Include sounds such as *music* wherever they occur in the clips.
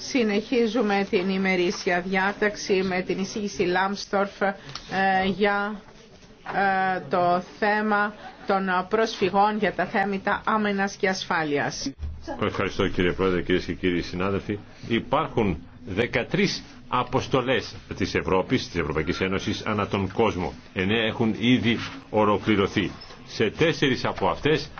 Συνεχίζουμε την ημερήσια διάταξη με την εισήγηση Λάμστορφ ε, για ε, το θέμα των προσφυγών για τα θέματα άμενας και ασφάλειας. Ευχαριστώ κύριε Πρόεδρε, κυρίε και κύριοι συνάδελφοι. Υπάρχουν 13 αποστολές της Ευρώπης, της Ευρωπαϊκή Ένωση, ανά τον κόσμο. Εννέα έχουν ήδη ολοκληρωθεί. Σε τέσσερις από αυτές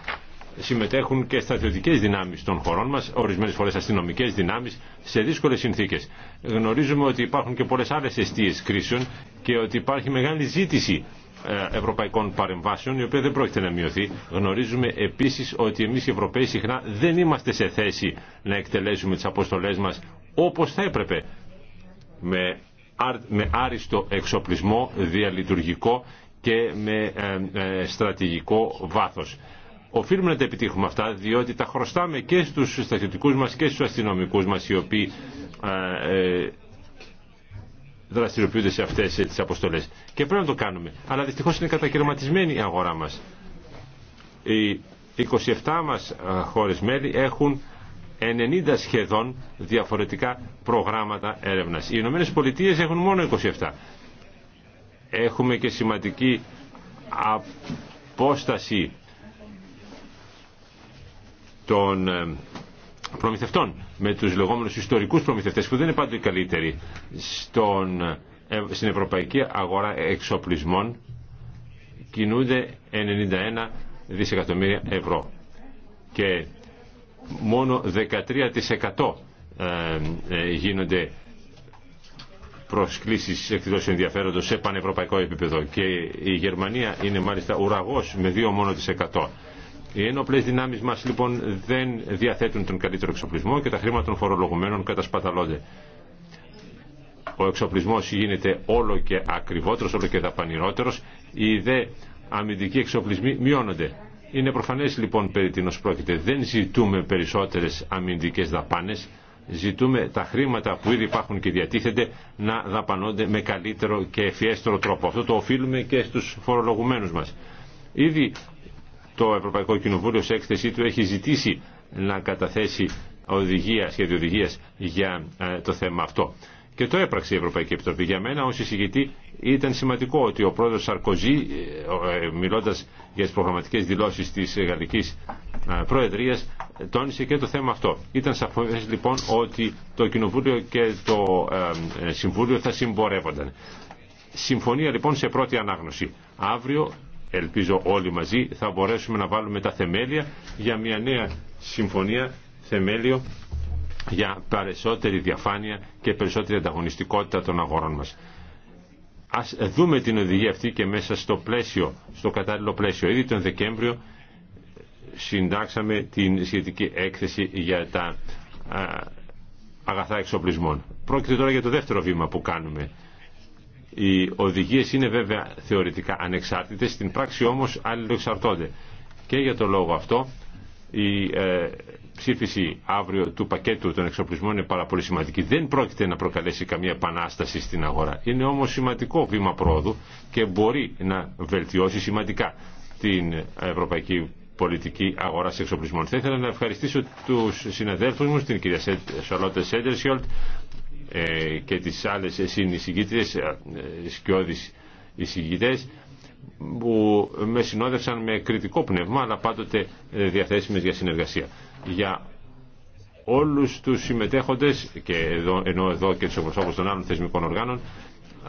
συμμετέχουν και στρατιωτικέ δυνάμει των χωρών μα, ορισμένε φορέ αστυνομικέ δυνάμει, σε δύσκολε συνθήκε. Γνωρίζουμε ότι υπάρχουν και πολλέ άλλε αιστείε κρίσεων και ότι υπάρχει μεγάλη ζήτηση ε, ευρωπαϊκών παρεμβάσεων, η οποία δεν πρόκειται να μειωθεί. Γνωρίζουμε επίση ότι εμεί οι Ευρωπαίοι συχνά δεν είμαστε σε θέση να εκτελέσουμε τι αποστολέ μα όπω θα έπρεπε. Με με άριστο εξοπλισμό, διαλειτουργικό και με ε, ε, στρατηγικό βάθος. Οφείλουμε να τα επιτύχουμε αυτά, διότι τα χρωστάμε και στους σταθιωτικούς μας και στους αστυνομικούς μας, οι οποίοι ε, ε, δραστηριοποιούνται σε αυτές ε, τις αποστολές. Και πρέπει να το κάνουμε. Αλλά δυστυχώς είναι κατακαιρματισμένη η αγορά μας. Οι 27 μας χώρες μέλη έχουν 90 σχεδόν διαφορετικά προγράμματα έρευνας. Οι Ηνωμένε Πολιτείε έχουν μόνο 27. Έχουμε και σημαντική απόσταση των ε, προμηθευτών, με τους λεγόμενους ιστορικούς προμηθευτές που δεν είναι πάντοτε οι καλύτεροι στον, ε, στην ευρωπαϊκή αγορά εξοπλισμών κινούνται 91 δισεκατομμύρια ευρώ και μόνο 13% ε, γίνονται προσκλήσεις εκτός ενδιαφέροντος σε πανευρωπαϊκό επίπεδο και η Γερμανία είναι μάλιστα ουραγός με 2 μόνο οι ένοπλες δυνάμεις μας λοιπόν δεν διαθέτουν τον καλύτερο εξοπλισμό και τα χρήματα των φορολογουμένων κατασπαταλώνται. Ο εξοπλισμός γίνεται όλο και ακριβότερος, όλο και δαπανηρότερος. Οι δε αμυντικοί εξοπλισμοί μειώνονται. Είναι προφανές λοιπόν περί τίνο πρόκειται. Δεν ζητούμε περισσότερες αμυντικές δαπάνες. Ζητούμε τα χρήματα που ήδη υπάρχουν και διατίθενται να δαπανώνται με καλύτερο και ευφιέστερο τρόπο. Αυτό το οφείλουμε και στους φορολογουμένους μας. Ήδη το Ευρωπαϊκό Κοινοβούλιο σε έκθεσή του έχει ζητήσει να καταθέσει οδηγία, σχέδιο οδηγία για ε, το θέμα αυτό. Και το έπραξε η Ευρωπαϊκή Επιτροπή. Για μένα ως εισηγητή ήταν σημαντικό ότι ο πρόεδρος Σαρκοζή, ε, ε, μιλώντας για τις προγραμματικές δηλώσεις της Γαλλικής Προεδρίας, τόνισε και το θέμα αυτό. Ήταν σαφές λοιπόν ότι το Κοινοβούλιο και το Συμβούλιο θα συμπορεύονταν. Συμφωνία λοιπόν σε πρώτη ανάγνωση. Αύριο ελπίζω όλοι μαζί, θα μπορέσουμε να βάλουμε τα θεμέλια για μια νέα συμφωνία θεμέλιο για περισσότερη διαφάνεια και περισσότερη ανταγωνιστικότητα των αγορών μας. Ας δούμε την οδηγία αυτή και μέσα στο πλαίσιο, στο κατάλληλο πλαίσιο. Ήδη τον Δεκέμβριο συντάξαμε την σχετική έκθεση για τα αγαθά εξοπλισμών. Πρόκειται τώρα για το δεύτερο βήμα που κάνουμε. Οι οδηγίες είναι βέβαια θεωρητικά ανεξάρτητες, στην πράξη όμως αλληλοεξαρτώνται. Και για το λόγο αυτό η ε, ψήφιση αύριο του πακέτου των εξοπλισμών είναι πάρα πολύ σημαντική. Δεν πρόκειται να προκαλέσει καμία επανάσταση στην αγορά. Είναι όμως σημαντικό βήμα πρόοδου και μπορεί να βελτιώσει σημαντικά την ευρωπαϊκή πολιτική αγορά εξοπλισμών. Θα ήθελα να ευχαριστήσω του συναδέλφου μου, την κυρία Σολότε Σέντερσιολτ, ε, και τις άλλες οι ε, σκιώδεις εισηγητές που με συνόδευσαν με κριτικό πνεύμα αλλά πάντοτε ε, διαθέσιμες για συνεργασία. Για όλους τους συμμετέχοντες και εδώ, ενώ εδώ και τους εκπροσώπους των άλλων θεσμικών οργάνων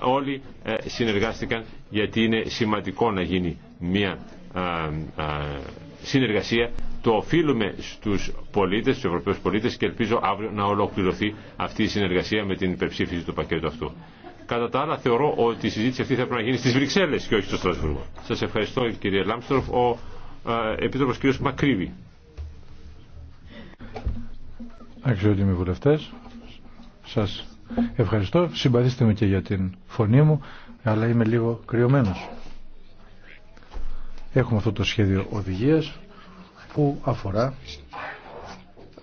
όλοι συνεργάστηκαν γιατί είναι σημαντικό να γίνει μια συνεργασία το οφείλουμε στους πολίτες, στους Ευρωπαίους πολίτες και ελπίζω αύριο να ολοκληρωθεί αυτή η συνεργασία με την υπερψήφιση του πακέτου αυτού. Κατά τα άλλα θεωρώ ότι η συζήτηση αυτή θα πρέπει να γίνει στις Βρυξέλλες και όχι στο Στρασβούργο. Σας ευχαριστώ κύριε Λάμστροφ. Ο ε, Επίτροπος κ. Μακρύβη. Αξιότιμοι βουλευτές, σας ευχαριστώ. Συμπαθήστε με και για την φωνή μου, αλλά είμαι λίγο κρυωμένο. Έχουμε αυτό το σχέδιο οδηγίας που αφορά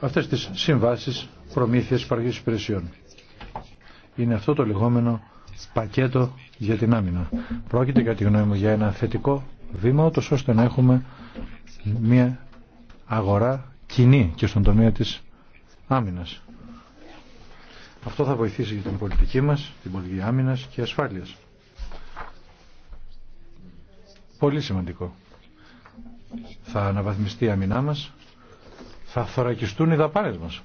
αυτές τις συμβάσεις προμήθειας παραγής υπηρεσιών. Είναι αυτό το λεγόμενο πακέτο για την άμυνα. Πρόκειται για τη γνώμη μου για ένα θετικό βήμα, ούτως ώστε να έχουμε μια αγορά κοινή και στον τομέα της άμυνας. Αυτό θα βοηθήσει για την πολιτική μας, την πολιτική άμυνας και ασφάλειας. Πολύ σημαντικό θα αναβαθμιστεί η αμυνά μας, θα θωρακιστούν οι δαπάνες μας.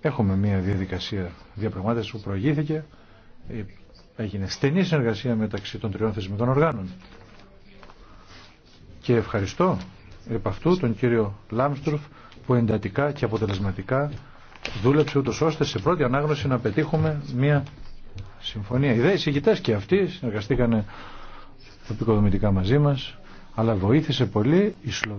Έχουμε μια διαδικασία διαπραγμάτευση που προηγήθηκε, ε, έγινε στενή συνεργασία μεταξύ των τριών θεσμικών οργάνων. Και ευχαριστώ επ' αυτού τον κύριο Λάμστρουφ που εντατικά και αποτελεσματικά δούλεψε ούτως ώστε σε πρώτη ανάγνωση να πετύχουμε μια συμφωνία. Οι δε και αυτοί συνεργαστήκανε επικοδομητικά μαζί μας αλλά βοήθησε πολύ η, Σλο...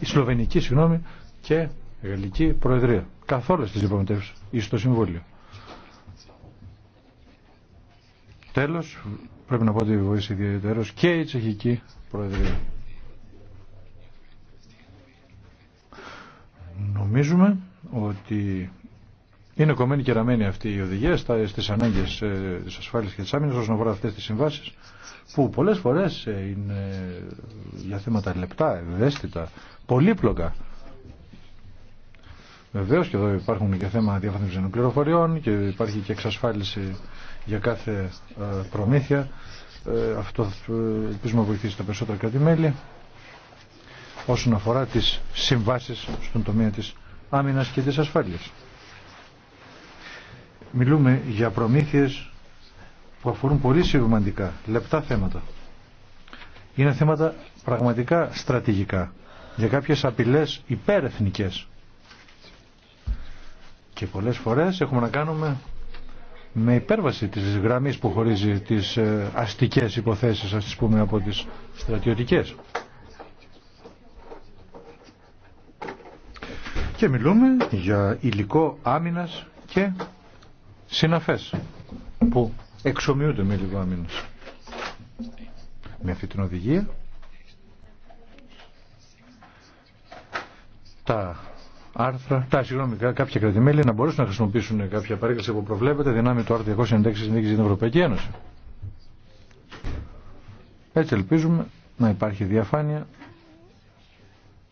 Σλοβενική συγγνώμη, και Γαλλική Προεδρία. Καθόλου στις διαπραγματεύσεις ή στο Συμβούλιο. Τέλος, πρέπει να πω ότι βοήθησε ιδιαίτερος και η Τσεχική Προεδρία. Νομίζουμε ότι είναι κομμένη και ραμμένη αυτή η οδηγία στι ανάγκε ε, τη ασφάλεια και τη άμυνα όσον αφορά αυτέ τι συμβάσει που πολλέ φορέ ε, είναι ε, για θέματα λεπτά, ευαίσθητα, πολύπλοκα. Βεβαίω και εδώ υπάρχουν και θέμα διαφανών πληροφοριών και υπάρχει και εξασφάλιση για κάθε προμήθεια. Αυτό ελπίζουμε να βοηθήσει τα περισσότερα κράτη-μέλη όσον αφορά τις συμβάσεις στον τομέα της άμυνας και της ασφάλειας. Μιλούμε για προμήθειες που αφορούν πολύ σημαντικά, λεπτά θέματα. Είναι θέματα πραγματικά στρατηγικά, για κάποιες απειλές υπερεθνικές. Και πολλές φορές έχουμε να κάνουμε με υπέρβαση της γραμμής που χωρίζει τις ε, αστικές υποθέσεις, ας τις πούμε, από τις στρατιωτικές. Και μιλούμε για υλικό άμυνας και συναφές που εξομοιούνται με λίγο αμήνους. Με αυτή την οδηγία τα άρθρα, τα συγγνώμη, κάποια κρατημέλη να μπορέσουν να χρησιμοποιήσουν κάποια παρέκκληση που προβλέπεται δυνάμει το άρθρο 296 συνδίκης για Ευρωπαϊκή Ένωση. Έτσι ελπίζουμε να υπάρχει διαφάνεια,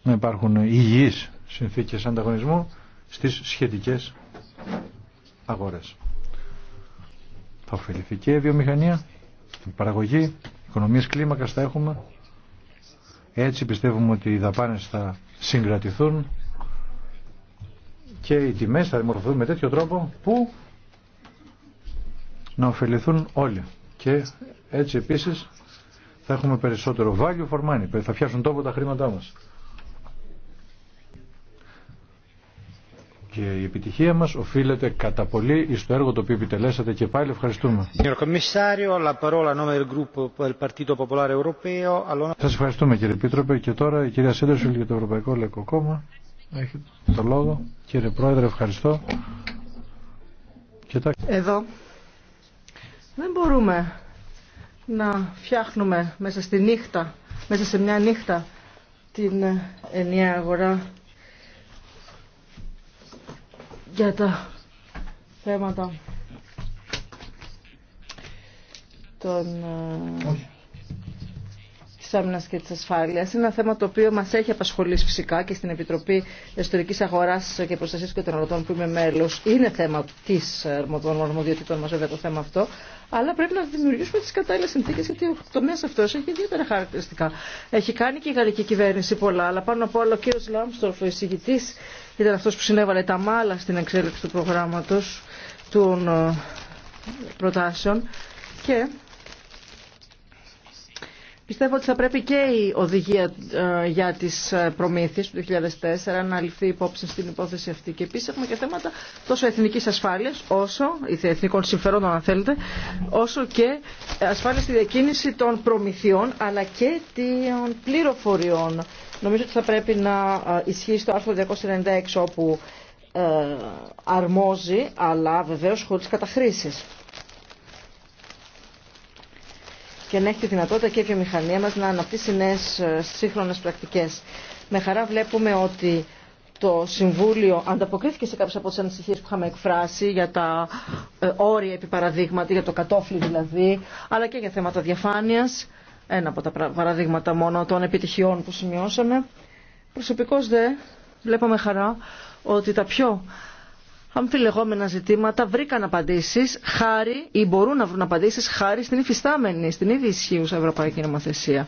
να υπάρχουν υγιείς συνθήκες ανταγωνισμού στις σχετικές αγορές. Θα ωφεληθεί και η βιομηχανία, η παραγωγή, οικονομίες κλίμακας θα έχουμε. Έτσι πιστεύουμε ότι οι δαπάνες θα συγκρατηθούν και οι τιμές θα δημορφωθούν με τέτοιο τρόπο που να ωφεληθούν όλοι. Και έτσι επίσης θα έχουμε περισσότερο value for money, θα πιάσουν τόπο τα χρήματά μας. Και η επιτυχία μας οφείλεται κατά πολύ στο έργο το οποίο επιτελέσατε και πάλι ευχαριστούμε. Σας ευχαριστούμε κύριε Επίτροπε και τώρα η κυρία Σέντερσουλ για το Ευρωπαϊκό Λαϊκό Κόμμα. Έχετε το λόγο. Κύριε Πρόεδρε ευχαριστώ. Εδώ δεν μπορούμε να φτιάχνουμε μέσα στη νύχτα, μέσα σε μια νύχτα την ενιαία αγορά για τα θέματα των, ε, Όχι. της άμυνας και της ασφάλειας. Είναι ένα θέμα το οποίο μας έχει απασχολήσει φυσικά και στην Επιτροπή Εσωτερικής Αγοράς και Προστασίας και των Ρωτών που είμαι μέλος. Είναι θέμα της των αρμοδιοτήτων μας βέβαια το θέμα αυτό. Αλλά πρέπει να δημιουργήσουμε τι κατάλληλε συνθήκε, γιατί το μέσο αυτό έχει ιδιαίτερα χαρακτηριστικά. Έχει κάνει και η γαλλική κυβέρνηση πολλά, αλλά πάνω από όλα ο κύριο Λάμστορφ, ο εισηγητή ήταν αυτός που συνέβαλε τα μάλα στην εξέλιξη του προγράμματος των ε, προτάσεων και Πιστεύω ότι θα πρέπει και η οδηγία ε, για τις ε, προμήθειες του 2004 να ληφθεί υπόψη στην υπόθεση αυτή. Και επίσης έχουμε και θέματα τόσο εθνικής ασφάλειας, όσο, εθνικών συμφερόντων θέλετε, όσο και ασφάλεια στη διακίνηση των προμηθειών, αλλά και των πληροφοριών Νομίζω ότι θα πρέπει να ε, ισχύσει το άρθρο 296 όπου ε, αρμόζει, αλλά βεβαίως χωρίς καταχρήσεις. Και να έχει τη δυνατότητα και η βιομηχανία μας να αναπτύσσει νέες ε, σύγχρονες πρακτικές. Με χαρά βλέπουμε ότι το Συμβούλιο ανταποκρίθηκε σε κάποιες από τις ανησυχίε που είχαμε εκφράσει για τα όρια επί για το κατόφλι δηλαδή, αλλά και για θέματα διαφάνειας ένα από τα παραδείγματα μόνο των επιτυχιών που σημειώσαμε. Προσωπικώς δε βλέπαμε χαρά ότι τα πιο αμφιλεγόμενα ζητήματα βρήκαν απαντήσεις χάρη ή μπορούν να βρουν απαντήσεις χάρη στην υφιστάμενη, στην ήδη ισχύουσα Ευρωπαϊκή Νομοθεσία.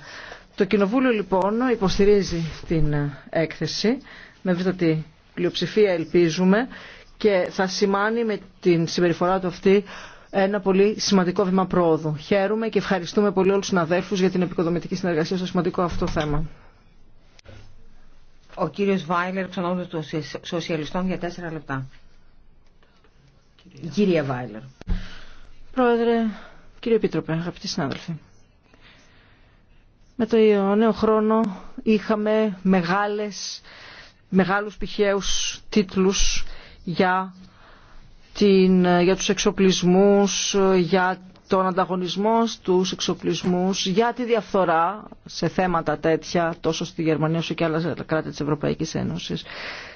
Το Κοινοβούλιο λοιπόν υποστηρίζει την ε, έκθεση με βρήτατη πλειοψηφία ελπίζουμε και θα σημάνει με την συμπεριφορά του αυτή ένα πολύ σημαντικό βήμα πρόοδου. Χαίρομαι και ευχαριστούμε πολύ όλους τους συναδέλφους για την επικοδομητική συνεργασία στο σημαντικό αυτό θέμα. Ο κύριος Βάιλερ, ξανόμενος των Σοσιαλιστών, για τέσσερα λεπτά. Κύριε Βάιλερ. Πρόεδρε, κύριε Επίτροπε, αγαπητοί συνάδελφοι. Με το νέο χρόνο είχαμε μεγάλες, μεγάλους πηχαίους τίτλους για την, για τους εξοπλισμούς, για τον ανταγωνισμό στους εξοπλισμούς, για τη διαφθορά σε θέματα τέτοια, τόσο στη Γερμανία όσο και άλλα κράτη της Ευρωπαϊκής Ένωσης.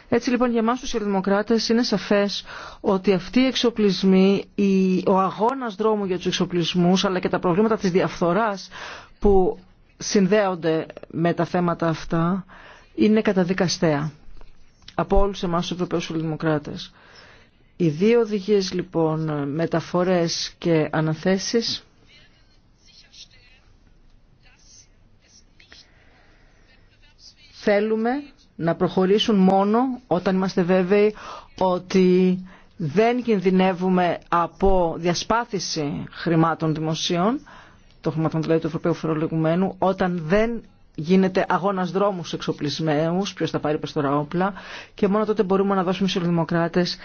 Έτσι λοιπόν για εμάς τους ευρωδημοκράτες είναι σαφές ότι αυτοί οι εξοπλισμοί, ο αγώνας δρόμου για τους εξοπλισμούς αλλά και τα προβλήματα της διαφθοράς που συνδέονται με τα θέματα αυτά είναι καταδικαστέα από όλους εμάς τους Ευρωπαίους Ελληνοκράτες. Οι δύο οδηγίες λοιπόν μεταφορές και αναθέσεις θέλουμε να προχωρήσουν μόνο όταν είμαστε βέβαιοι ότι δεν κινδυνεύουμε από διασπάθηση χρημάτων δημοσίων, το χρημάτων δηλαδή του Ευρωπαίου Φορολογουμένου, όταν δεν γίνεται αγώνας δρόμους εξοπλισμένους, ποιος θα πάρει πες τώρα όπλα, και μόνο τότε μπορούμε να δώσουμε στους δημοκράτες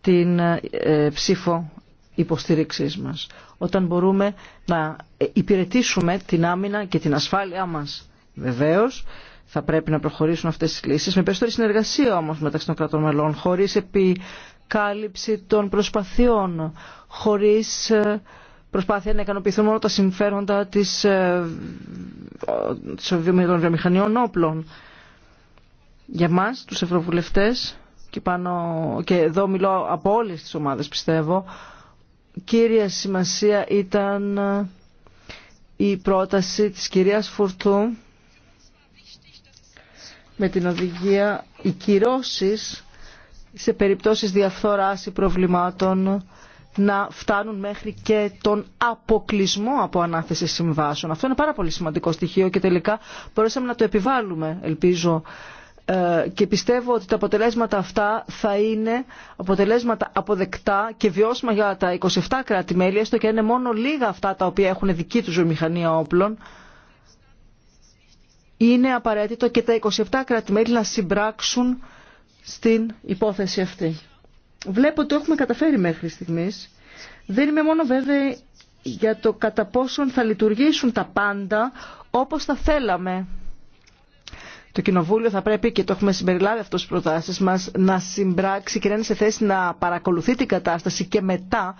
την ε, ε, ψήφο υποστήριξής μας. Όταν μπορούμε να ε, υπηρετήσουμε την άμυνα και την ασφάλειά μας. Βεβαίως, θα πρέπει να προχωρήσουν αυτές τις λύσεις με περισσότερη συνεργασία όμως μεταξύ των κρατών μελών, χωρίς επικάλυψη των προσπαθειών, χωρίς προσπάθεια να ικανοποιηθούν μόνο τα συμφέροντα της, των βιομηχανιών όπλων. Για μας, τους ευρωβουλευτές, και, πάνω, και εδώ μιλώ από όλες τις ομάδες πιστεύω, κύρια σημασία ήταν η πρόταση της κυρίας Φουρτού με την οδηγία οι κυρώσεις σε περιπτώσεις διαφθοράς ή προβλημάτων να φτάνουν μέχρι και τον αποκλεισμό από ανάθεση συμβάσεων. Αυτό είναι πάρα πολύ σημαντικό στοιχείο και τελικά μπορέσαμε να το επιβάλλουμε, ελπίζω, ε, και πιστεύω ότι τα αποτελέσματα αυτά θα είναι αποτελέσματα αποδεκτά και βιώσιμα για τα 27 κράτη-μέλη, έστω και είναι μόνο λίγα αυτά τα οποία έχουν δική τους ζωμηχανία όπλων. Είναι απαραίτητο και τα 27 κράτη-μέλη να συμπράξουν στην υπόθεση αυτή. Βλέπω ότι έχουμε καταφέρει μέχρι στιγμής. Δεν είμαι μόνο βέβαιη για το κατά πόσον θα λειτουργήσουν τα πάντα όπως θα θέλαμε. Το Κοινοβούλιο θα πρέπει, και το έχουμε συμπεριλάβει αυτό στις προτάσεις μας, να συμπράξει και να είναι σε θέση να παρακολουθεί την κατάσταση και μετά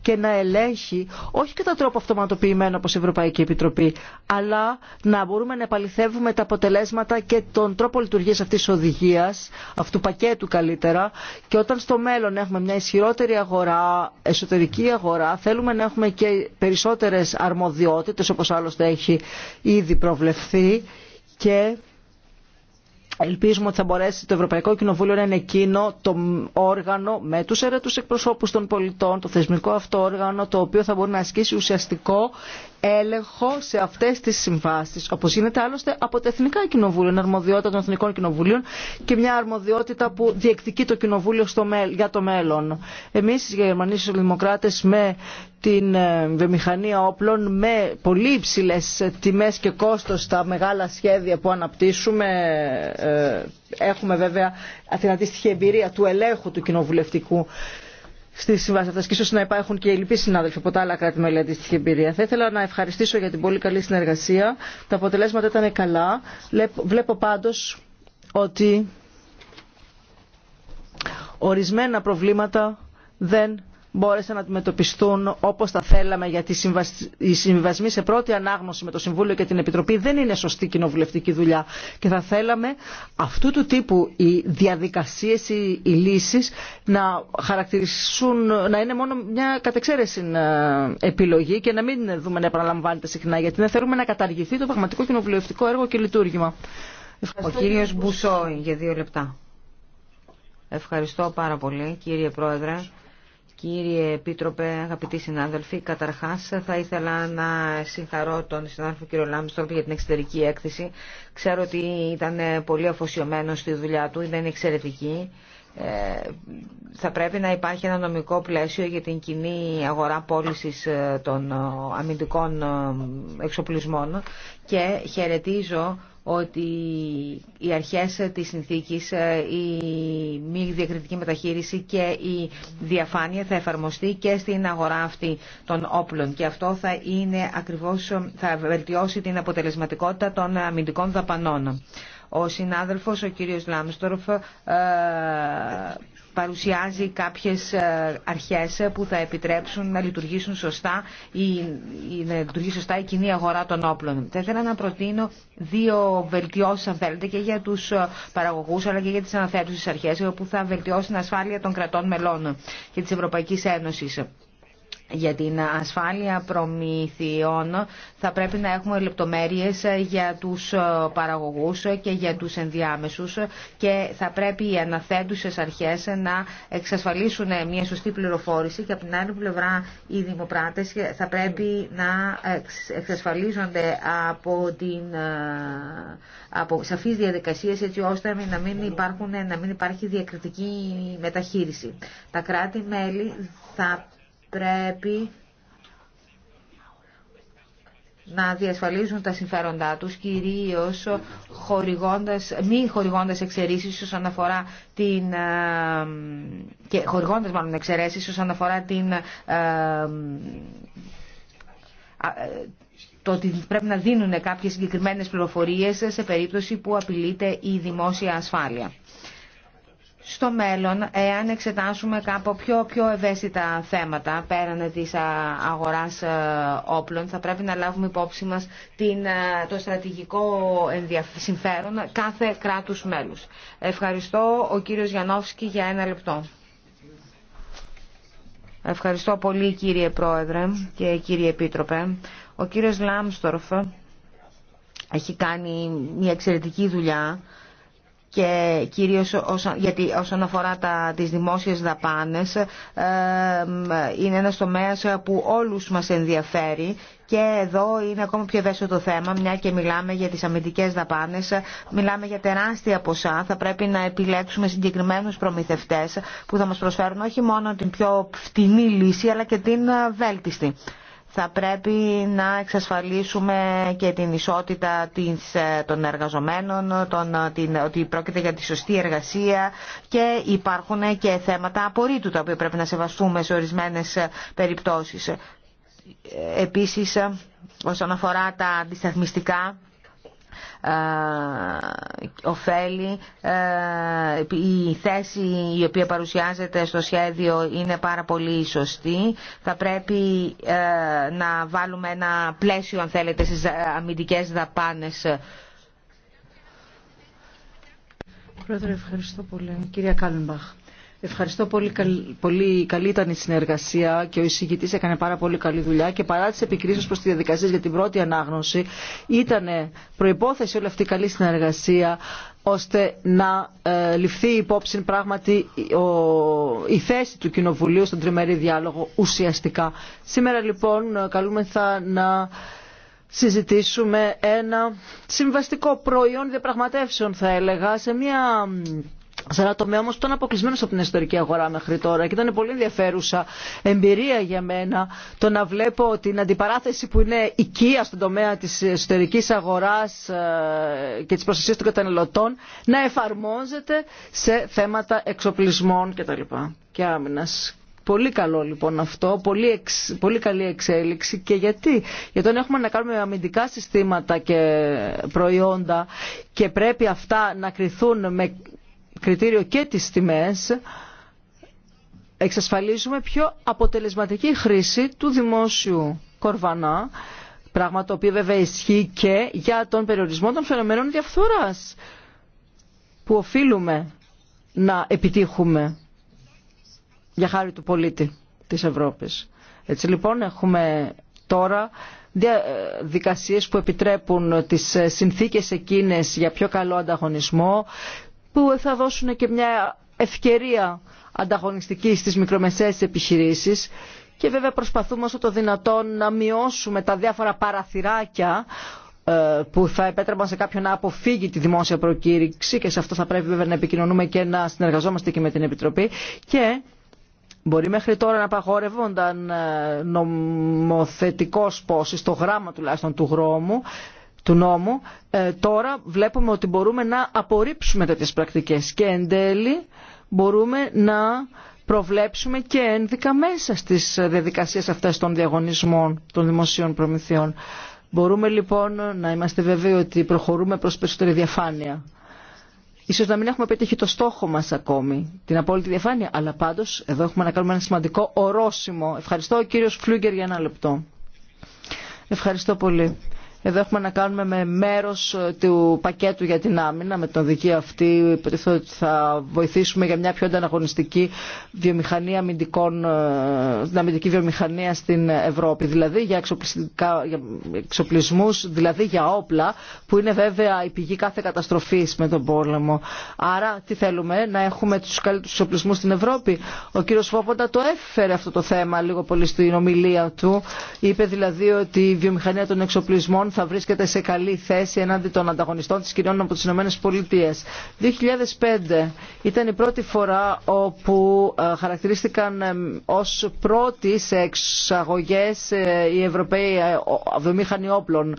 και να ελέγχει, όχι κατά τρόπο αυτοματοποιημένο όπως η Ευρωπαϊκή Επιτροπή, αλλά να μπορούμε να επαληθεύουμε τα αποτελέσματα και τον τρόπο λειτουργίας αυτής της οδηγίας, αυτού πακέτου καλύτερα, και όταν στο μέλλον έχουμε μια ισχυρότερη αγορά, εσωτερική αγορά, θέλουμε να έχουμε και περισσότερες αρμοδιότητες, όπως άλλωστε έχει ήδη προβλεφθεί, και Ελπίζουμε ότι θα μπορέσει το Ευρωπαϊκό Κοινοβούλιο να είναι εκείνο το όργανο με τους αιρετούς εκπροσώπους των πολιτών, το θεσμικό αυτό όργανο, το οποίο θα μπορεί να ασκήσει ουσιαστικό έλεγχο σε αυτέ τι συμβάσει. Όπω γίνεται άλλωστε από τα εθνικά κοινοβούλια, είναι αρμοδιότητα των εθνικών κοινοβουλίων και μια αρμοδιότητα που διεκδικεί το κοινοβούλιο στο, για το μέλλον. Εμεί οι Γερμανοί Σοσιαλδημοκράτε με την ε, βιομηχανία όπλων με πολύ υψηλέ τιμέ και κόστο στα μεγάλα σχέδια που αναπτύσσουμε. Ε, έχουμε βέβαια αδυνατή εμπειρία του ελέγχου του κοινοβουλευτικού στι συμβάσει αυτέ και ίσω να υπάρχουν και οι λοιποί συνάδελφοι από τα άλλα κράτη-μέλη αντίστοιχη εμπειρία. Θα ήθελα να ευχαριστήσω για την πολύ καλή συνεργασία. Τα αποτελέσματα ήταν καλά. Βλέπω πάντω ότι ορισμένα προβλήματα δεν μπόρεσαν να αντιμετωπιστούν όπως θα θέλαμε γιατί οι συμβιβασμοί σε πρώτη ανάγνωση με το Συμβούλιο και την Επιτροπή δεν είναι σωστή κοινοβουλευτική δουλειά και θα θέλαμε αυτού του τύπου οι διαδικασίες, ή οι λύσεις να χαρακτηριστούν, να είναι μόνο μια κατεξαίρεση ε, επιλογή και να μην δούμε να επαναλαμβάνεται συχνά γιατί δεν θέλουμε να καταργηθεί το πραγματικό κοινοβουλευτικό έργο και λειτουργήμα. Ευχαριστώ, Ο κύριος Μπουσόη για δύο λεπτά. Ευχαριστώ πάρα πολύ κύριε Πρόεδρε. Κύριε Επίτροπε, αγαπητοί συνάδελφοι, καταρχάς θα ήθελα να συγχαρώ τον συνάδελφο κύριο Λάμπστορπ για την εξωτερική έκθεση. Ξέρω ότι ήταν πολύ αφοσιωμένο στη δουλειά του, ήταν εξαιρετική ε, θα πρέπει να υπάρχει ένα νομικό πλαίσιο για την κοινή αγορά πώληση ε, των ε, αμυντικών εξοπλισμών και χαιρετίζω ότι οι αρχές της συνθήκης, η μη διακριτική μεταχείριση και η διαφάνεια θα εφαρμοστεί και στην αγορά αυτή των όπλων και αυτό θα, είναι ακριβώς, θα βελτιώσει την αποτελεσματικότητα των αμυντικών δαπανών. Ο συνάδελφος, ο κύριος Λάμστορφ, ε, παρουσιάζει κάποιες ε, αρχές που θα επιτρέψουν να λειτουργήσουν σωστά ή, να λειτουργεί σωστά η κοινή αγορά των όπλων. Θα ήθελα σωστα η κοινη αγορα δύο βελτιώσεις αν θέλετε και για τους ε, παραγωγούς αλλά και για τις αναθέτουσες αρχές όπου θα βελτιώσει την ασφάλεια των κρατών μελών και της Ευρωπαϊκής Ένωσης για την ασφάλεια προμηθειών θα πρέπει να έχουμε λεπτομέρειες για τους παραγωγούς και για τους ενδιάμεσους και θα πρέπει οι αναθέτουσες αρχές να εξασφαλίσουν μια σωστή πληροφόρηση και από την άλλη πλευρά οι δημοπράτες θα πρέπει να εξασφαλίζονται από, την, από σαφείς διαδικασίες έτσι ώστε να μην, υπάρχουν, να υπάρχει διακριτική μεταχείριση. Τα κράτη-μέλη θα πρέπει να διασφαλίζουν τα συμφέροντά τους, κυρίως χορηγώντας, μη χορηγώντας εξαιρέσεις όσον αφορά την... Ε, μάλλον εξαιρέσεις όσον αφορά την... Ε, ε, το ότι πρέπει να δίνουν κάποιες συγκεκριμένες πληροφορίες σε περίπτωση που απειλείται η δημόσια ασφάλεια στο μέλλον, εάν εξετάσουμε κάπου πιο, πιο ευαίσθητα θέματα πέραν της αγοράς ε, όπλων, θα πρέπει να λάβουμε υπόψη μας την, ε, το στρατηγικό συμφέρον κάθε κράτους μέλους. Ευχαριστώ ο κύριος Γιανόφσκι για ένα λεπτό. Ευχαριστώ πολύ κύριε Πρόεδρε και κύριε Επίτροπε. Ο κύριος Λάμστορφ έχει κάνει μια εξαιρετική δουλειά και κυρίως όσον, γιατί όσον αφορά τα, τις δημόσιες δαπάνες ε, είναι ένας τομέας που όλους μας ενδιαφέρει και εδώ είναι ακόμα πιο ευαίσθητο το θέμα, μια και μιλάμε για τις αμυντικέ δαπάνες, μιλάμε για τεράστια ποσά, θα πρέπει να επιλέξουμε συγκεκριμένους προμηθευτές που θα μας προσφέρουν όχι μόνο την πιο φτηνή λύση αλλά και την ε, βέλτιστη θα πρέπει να εξασφαλίσουμε και την ισότητα ε, των εργαζομένων, τον, ε, την, ότι πρόκειται για τη σωστή εργασία και υπάρχουν και θέματα απορρίτου τα οποία πρέπει να σεβαστούμε σε ορισμένες ε, περιπτώσεις. Επίσης, όσον αφορά τα αντισταθμιστικά, ε, ωφέλη. Ε, η θέση η οποία παρουσιάζεται στο σχέδιο είναι πάρα πολύ σωστή. Θα πρέπει ε, να βάλουμε ένα πλαίσιο, αν θέλετε, στις αμυντικές δαπάνες. Πρόεδρε, ευχαριστώ πολύ. Κυρία Ευχαριστώ πολύ, πολύ. Καλή ήταν η συνεργασία και ο εισηγητή έκανε πάρα πολύ καλή δουλειά και παρά τις επικρίσεις προς τη διαδικασία για την πρώτη ανάγνωση ήταν προϋπόθεση όλη αυτή η καλή συνεργασία ώστε να ε, ληφθεί υπόψη πράγματι η θέση του Κοινοβουλίου στον τριμερή διάλογο ουσιαστικά. Σήμερα λοιπόν ε, καλούμεθα να συζητήσουμε ένα συμβαστικό προϊόν διαπραγματεύσεων θα έλεγα σε μια σε ένα τομέα όμω που ήταν αποκλεισμένο από την εσωτερική αγορά μέχρι τώρα και ήταν πολύ ενδιαφέρουσα εμπειρία για μένα το να βλέπω την αντιπαράθεση που είναι οικία στον τομέα τη εσωτερική αγορά ε, και τη προστασία των καταναλωτών να εφαρμόζεται σε θέματα εξοπλισμών κτλ. και άμυνα. Πολύ καλό λοιπόν αυτό, πολύ, πολύ καλή εξέλιξη και γιατί. Γιατί όταν έχουμε να κάνουμε αμυντικά συστήματα και προϊόντα και πρέπει αυτά να κριθούν με κριτήριο και τις τιμές εξασφαλίζουμε πιο αποτελεσματική χρήση του δημόσιου κορβανά πράγμα το οποίο βέβαια ισχύει και για τον περιορισμό των φαινομένων διαφθοράς που οφείλουμε να επιτύχουμε για χάρη του πολίτη της Ευρώπης. Έτσι λοιπόν έχουμε τώρα δικασίες που επιτρέπουν τις συνθήκες εκείνες για πιο καλό ανταγωνισμό, που θα δώσουν και μια ευκαιρία ανταγωνιστική στις μικρομεσαίες επιχειρήσεις και βέβαια προσπαθούμε όσο το δυνατόν να μειώσουμε τα διάφορα παραθυράκια ε, που θα επέτρεπαν σε κάποιον να αποφύγει τη δημόσια προκήρυξη και σε αυτό θα πρέπει βέβαια να επικοινωνούμε και να συνεργαζόμαστε και με την Επιτροπή και Μπορεί μέχρι τώρα να απαγορεύονταν ε, νομοθετικός πόσει, το γράμμα τουλάχιστον του γρόμου του νόμου, ε, τώρα βλέπουμε ότι μπορούμε να απορρίψουμε τέτοιες πρακτικές και εν τέλει μπορούμε να προβλέψουμε και ένδικα μέσα στις διαδικασίες αυτές των διαγωνισμών των δημοσίων προμηθειών. Μπορούμε λοιπόν να είμαστε βέβαιοι ότι προχωρούμε προς περισσότερη διαφάνεια. Ίσως να μην έχουμε πετύχει το στόχο μας ακόμη, την απόλυτη διαφάνεια, αλλά πάντως εδώ έχουμε να κάνουμε ένα σημαντικό ορόσημο. Ευχαριστώ ο κύριος Φλούγκερ για ένα λεπτό. Ευχαριστώ πολύ. Εδώ έχουμε να κάνουμε με μέρος ε, του πακέτου για την άμυνα, με τον δική αυτή, υποτίθεται ότι θα βοηθήσουμε για μια πιο ανταγωνιστική βιομηχανία αμυντικών, ε, την αμυντική βιομηχανία στην Ευρώπη. Δηλαδή για, για εξοπλισμούς, δηλαδή για όπλα, που είναι βέβαια η πηγή κάθε καταστροφής με τον πόλεμο. Άρα τι θέλουμε, να έχουμε τους καλύτερους εξοπλισμούς στην Ευρώπη. Ο κύριος Φόποντα το έφερε αυτό το θέμα λίγο πολύ στην ομιλία του. Είπε δηλαδή ότι η βιομηχανία των εξοπλισμών θα βρίσκεται σε καλή θέση εναντί των ανταγωνιστών της κυρίων από τις Ηνωμένες Πολιτείες. 2005 ήταν η πρώτη φορά όπου ε, χαρακτηρίστηκαν ε, ως πρώτοι σε εξαγωγές ε, οι Ευρωπαίοι βιομήχανοι όπλων.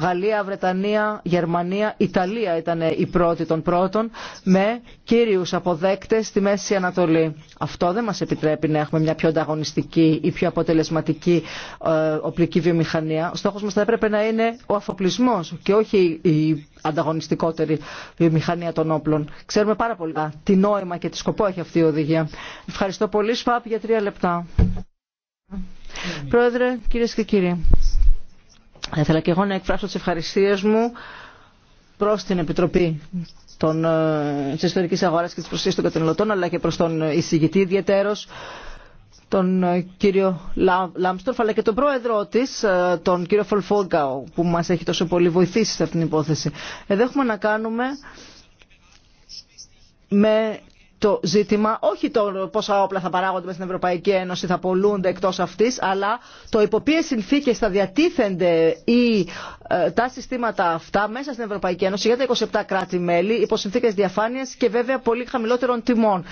Γαλλία, Βρετανία, Γερμανία, Ιταλία ήταν οι πρώτοι των πρώτων με κύριους αποδέκτες στη Μέση Ανατολή. Αυτό δεν μας επιτρέπει να έχουμε μια πιο ανταγωνιστική ή πιο αποτελεσματική οπλική βιομηχανία. Ο μας θα έπρεπε να είναι ο αφοπλισμός και όχι η ανταγωνιστικότερη μηχανία των όπλων. Ξέρουμε πάρα πολύ τι νόημα και τι σκοπό έχει αυτή η οδηγία. Ευχαριστώ πολύ. ΣΠΑΠ για τρία λεπτά. Πρόεδρε, κυρίε και κύριοι, θα ήθελα και εγώ να εκφράσω τι ευχαριστίε μου προ την Επιτροπή ε, τη Ιστορική Αγορά και τη Προσφυγή των Καταναλωτών, αλλά και προ τον εισηγητή ιδιαίτερο τον ε, κύριο Λάμστορφ αλλά και τον πρόεδρό της, ε, τον κύριο Φολφόγκαο που μας έχει τόσο πολύ βοηθήσει σε αυτήν την υπόθεση. Εδώ έχουμε να κάνουμε με το ζήτημα όχι το πόσα όπλα θα παράγονται μέσα στην Ευρωπαϊκή Ένωση, θα πολλούνται εκτός αυτής, αλλά το υπό ποιες συνθήκες θα διατίθενται ή, ε, τα συστήματα αυτά μέσα στην Ευρωπαϊκή Ένωση για τα 27 κράτη-μέλη, υπό συνθήκες διαφάνειας και βέβαια πολύ χαμηλότερων τιμών.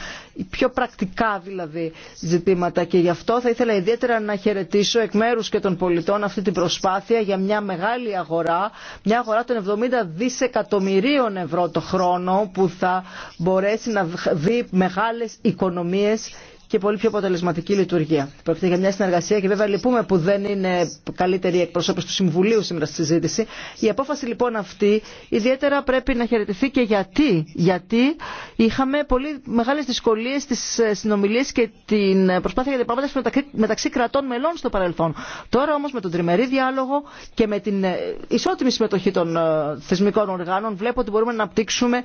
Πιο πρακτικά δηλαδή ζητήματα και γι' αυτό θα ήθελα ιδιαίτερα να χαιρετήσω εκ μέρου και των πολιτών αυτή την προσπάθεια για μια μεγάλη αγορά, μια αγορά των 70 δισεκατομμυρίων ευρώ το χρόνο που θα μπορέσει να δει Μεγάλε μεγάλες οικονομίες και πολύ πιο αποτελεσματική λειτουργία. Πρόκειται για μια συνεργασία και βέβαια λυπούμε που δεν είναι καλύτερη εκπροσώπηση του Συμβουλίου σήμερα στη συζήτηση. Η απόφαση λοιπόν αυτή ιδιαίτερα πρέπει να χαιρετηθεί και γιατί. Γιατί είχαμε πολύ μεγάλε δυσκολίε στι ε, συνομιλίε και την ε, προσπάθεια για την διαπραγμάτευση μεταξύ κρατών μελών στο παρελθόν. Τώρα όμω με τον τριμερή διάλογο και με την ε, ισότιμη συμμετοχή των θεσμικών οργάνων βλέπω ότι μπορούμε να αναπτύξουμε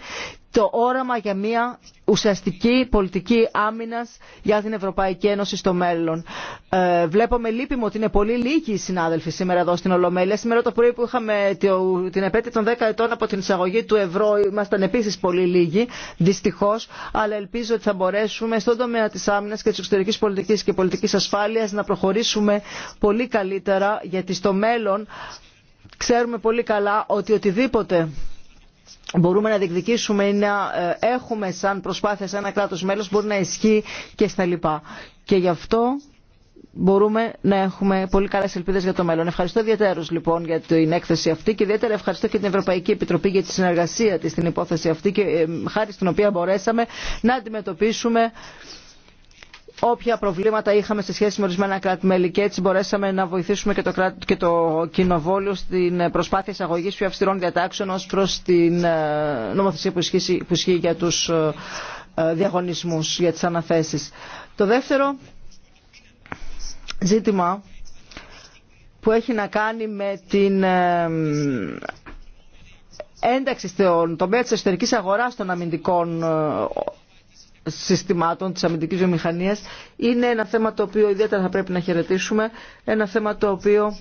το όραμα για μια ουσιαστική πολιτική άμυνας για την Ευρωπαϊκή Ένωση στο μέλλον. Ε, βλέπω με λύπημα ότι είναι πολύ λίγοι οι συνάδελφοι σήμερα εδώ στην Ολομέλεια. Σήμερα το πρωί που είχαμε την επέτειο των 10 ετών από την εισαγωγή του ευρώ ήμασταν επίσης πολύ λίγοι, δυστυχώς, αλλά ελπίζω ότι θα μπορέσουμε στον τομέα της άμυνας και της εξωτερικής πολιτικής και πολιτικής ασφάλειας να προχωρήσουμε πολύ καλύτερα γιατί στο μέλλον ξέρουμε πολύ καλά ότι οτιδήποτε μπορούμε να διεκδικήσουμε ή να ε, έχουμε σαν προσπάθεια σε ένα κράτος μέλος μπορεί να ισχύει και στα λοιπά. Και γι' αυτό μπορούμε να έχουμε πολύ καλέ ελπίδε για το μέλλον. Ευχαριστώ ιδιαίτερω λοιπόν για την έκθεση αυτή και ιδιαίτερα ευχαριστώ και την Ευρωπαϊκή Επιτροπή για τη συνεργασία τη στην υπόθεση αυτή και ε, χάρη στην οποία μπορέσαμε να αντιμετωπίσουμε όποια προβλήματα είχαμε σε σχέση με ορισμένα κράτη-μέλη και έτσι μπορέσαμε να βοηθήσουμε και το, και το Κοινοβόλιο στην ε, προσπάθεια εισαγωγή πιο αυστηρών διατάξεων ω προ την ε, νομοθεσία που ισχύει, που για τους ε, διαγωνισμούς, για τις αναθέσεις. Το δεύτερο ζήτημα που έχει να κάνει με την ένταξη στον τομέα της εσωτερικής αγορά των αμυντικών συστημάτων της αμυντικής βιομηχανίας είναι ένα θέμα το οποίο ιδιαίτερα θα πρέπει να χαιρετήσουμε, ένα θέμα το οποίο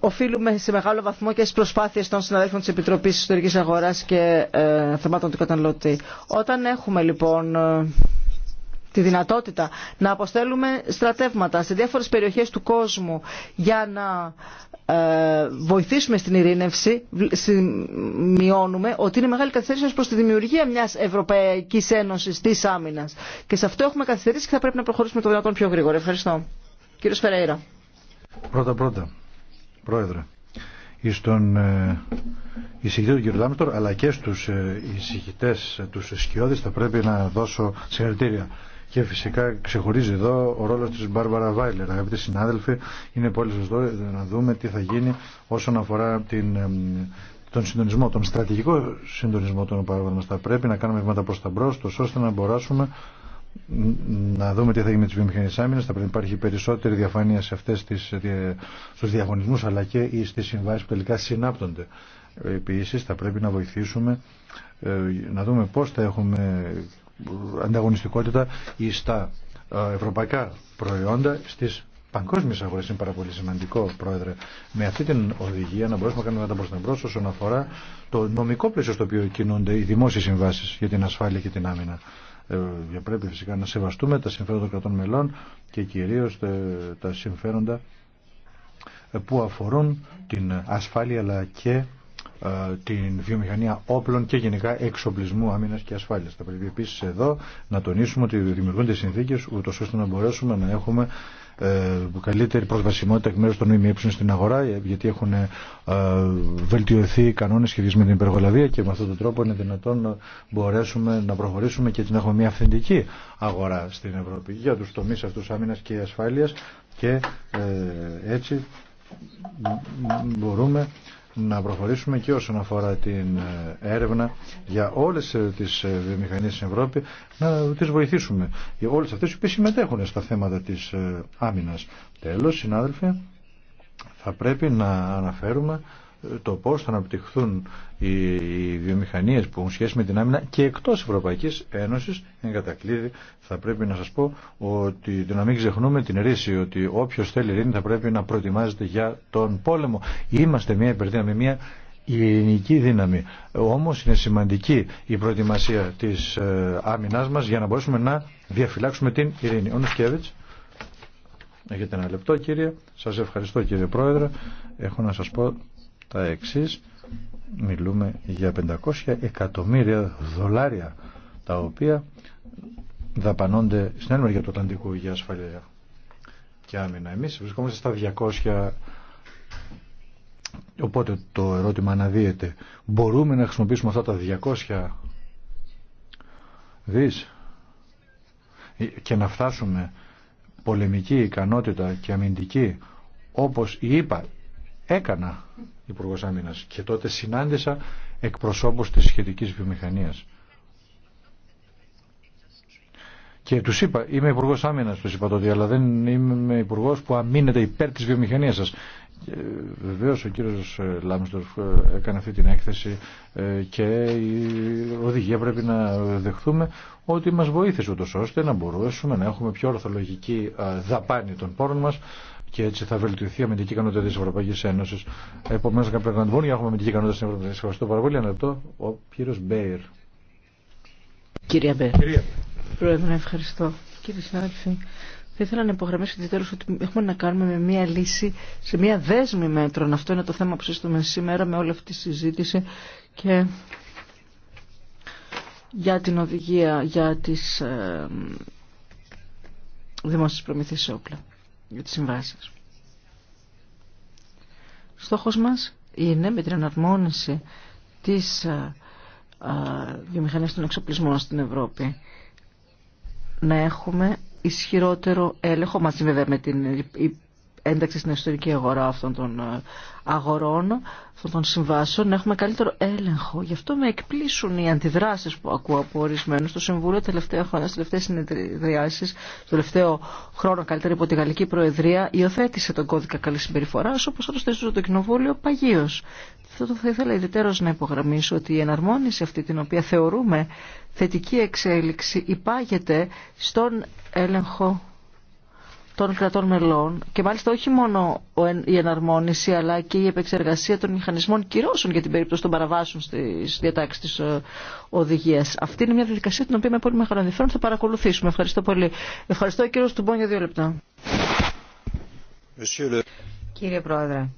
οφείλουμε σε μεγάλο βαθμό και στις προσπάθειες των συναδέλφων της Επιτροπής Ιστορική Αγορά και ε, Θεμάτων του Καταναλωτή. Όταν έχουμε λοιπόν ε, τη δυνατότητα να αποστέλουμε στρατεύματα σε διάφορες περιοχές του κόσμου για να ε, βοηθήσουμε στην ειρήνευση, σημειώνουμε ότι είναι μεγάλη καθυστέρηση προ τη δημιουργία μια Ευρωπαϊκή Ένωση τη Άμυνα. Και σε αυτό έχουμε καθυστερήσει και θα πρέπει να προχωρήσουμε το δυνατόν πιο γρήγορα. Ευχαριστώ. Κύριο Φεραίρα. Πρώτα-πρώτα, Πρόεδρε, στον ε, εισηγητή του κ. Λάμπτορ αλλά και στου ε, εισηγητέ, του σκιώδη, θα πρέπει να δώσω συγχαρητήρια και φυσικά ξεχωρίζει εδώ ο ρόλος της Μπάρμπαρα Βάιλερ. Αγαπητοί συνάδελφοι, είναι πολύ σωστό να δούμε τι θα γίνει όσον αφορά την, τον συντονισμό, τον στρατηγικό συντονισμό των παράγοντων μας. Θα πρέπει να κάνουμε βήματα προς τα μπρος, τόσο ώστε να μπορέσουμε να δούμε τι θα γίνει με τις βιομηχανίες άμυνας. Θα πρέπει να υπάρχει περισσότερη διαφάνεια σε αυτές τις, ε, στους διαγωνισμούς, αλλά και στις συμβάσεις που τελικά συνάπτονται. Ε, επίσης θα πρέπει να βοηθήσουμε ε, να δούμε πώς θα έχουμε ανταγωνιστικότητα στα ε, ευρωπαϊκά προϊόντα στις παγκόσμιες αγορές. Είναι πάρα πολύ σημαντικό, Πρόεδρε, με αυτή την οδηγία να μπορέσουμε να κάνουμε κατά προς όσον αφορά το νομικό πλαίσιο στο οποίο κινούνται οι δημόσιες συμβάσεις για την ασφάλεια και την άμυνα. Ε, πρέπει φυσικά να σεβαστούμε τα συμφέροντα των κρατών μελών και κυρίως ε, τα συμφέροντα ε, που αφορούν την ασφάλεια αλλά και ε, την βιομηχανία όπλων και γενικά εξοπλισμού άμυνα και ασφάλειας. Θα πρέπει επίσης εδώ να τονίσουμε ότι δημιουργούνται συνθήκες ούτω ώστε να μπορέσουμε να έχουμε ε, καλύτερη προσβασιμότητα εκ μέρου των ΜΜΕ στην αγορά, ε, γιατί έχουν βελτιωθεί οι κανόνε σχετικά με την υπεργολαβία και με αυτόν τον τρόπο είναι δυνατόν να μπορέσουμε να προχωρήσουμε και να έχουμε μια αυθεντική αγορά στην Ευρώπη για του τομεί αυτού άμυνα και ασφάλεια και έτσι μπορούμε να προχωρήσουμε και όσον αφορά την ε, έρευνα για όλες ε, τις ε, βιομηχανίες στην Ευρώπη να τις βοηθήσουμε. Για όλες αυτές οι οποίες συμμετέχουν στα θέματα της άμυνας. Τέλος, συνάδελφοι, θα πρέπει να αναφέρουμε το πώ θα αναπτυχθούν οι βιομηχανίε που έχουν σχέση με την άμυνα και εκτό Ευρωπαϊκή Ένωση εν κατακλείδη, θα πρέπει να σα πω ότι να μην ξεχνούμε την ρίση ότι όποιο θέλει ειρήνη θα πρέπει να προετοιμάζεται για τον πόλεμο. Είμαστε μια με μια ειρηνική δύναμη. Όμω είναι σημαντική η προετοιμασία τη ε, άμυνάς μας για να μπορέσουμε να διαφυλάξουμε την ειρήνη. Ο έχετε ένα λεπτό κύριε. Σας ευχαριστώ κύριε Πρόεδρε. Έχω να σας πω τα εξή Μιλούμε για 500 εκατομμύρια δολάρια τα οποία δαπανώνται στην έννοια του Ατλαντικού για ασφαλεία και άμυνα. Εμείς βρισκόμαστε στα 200 Οπότε το ερώτημα αναδύεται, μπορούμε να χρησιμοποιήσουμε αυτά τα 200 δις και να φτάσουμε πολεμική ικανότητα και αμυντική όπως η είπα έκανα Υπουργό Άμυνα. και τότε συνάντησα εκπροσώπους της σχετικής βιομηχανίας. Και του είπα, είμαι υπουργό άμυνα, τους είπα τότε, αλλά δεν είμαι υπουργό που αμήνεται υπέρ τη βιομηχανία σα. Ε, Βεβαίω ο κύριο ε, Λάμστορφ ε, έκανε αυτή την έκθεση και η οδηγία πρέπει να δεχθούμε ότι μα βοήθησε ούτω ώστε να μπορέσουμε να έχουμε πιο ορθολογική δαπάνη των πόρων μα και έτσι θα βελτιωθεί η αμυντική ικανότητα τη Ευρωπαϊκή Ένωση. Επομένω, να πρέπει να έχουμε αμυντική ικανότητα στην Ευρωπαϊκή Ένωση. Ευχαριστώ πάρα πολύ. Ένα λεπτό, ο κύριο Μπέιρ. Κυρία Μπέιρ. Πρόεδρε, ευχαριστώ. Κύριε συνάδελφοι, θα ήθελα να υπογραμμίσω τέλο ότι έχουμε να κάνουμε με μία λύση, σε μία δέσμη μέτρων. Αυτό είναι το θέμα που συζητούμε σήμερα με όλη αυτή τη συζήτηση και για την οδηγία για τις ε, δημόσιες σε όπλα για τις συμβάσεις. Στόχος μας είναι με την αναρμόνιση της ε, ε, βιομηχανίας των εξοπλισμών στην Ευρώπη να έχουμε ισχυρότερο έλεγχο μαζί βέβαια με την ένταξη στην εσωτερική αγορά αυτών των ε, αγορών, αυτών των συμβάσεων, να έχουμε καλύτερο έλεγχο. Γι' αυτό με εκπλήσουν οι αντιδράσεις που ακούω από ορισμένους στο Συμβούλιο τελευταία χρόνια, στις τελευταίες συνεδριάσεις, στο τελευταίο χρόνο καλύτερα υπό τη Γαλλική Προεδρία, υιοθέτησε τον κώδικα καλή συμπεριφοράς, όπως άλλωστε στο το Κοινοβούλιο παγίως. Αυτό θα ήθελα ιδιαίτερω να υπογραμμίσω ότι η εναρμόνιση αυτή την οποία θεωρούμε θετική εξέλιξη υπάγεται στον έλεγχο των κρατών μελών και μάλιστα όχι μόνο η εναρμόνιση αλλά και η επεξεργασία των μηχανισμών κυρώσεων για την περίπτωση των παραβάσεων στις διατάξεις της ε, οδηγίας. Αυτή είναι μια διαδικασία την οποία με πολύ μεγάλο ενδιαφέρον θα παρακολουθήσουμε. Ευχαριστώ πολύ. Ευχαριστώ κύριο Στουμπών για δύο λεπτά. Κύριε Πρόεδρε,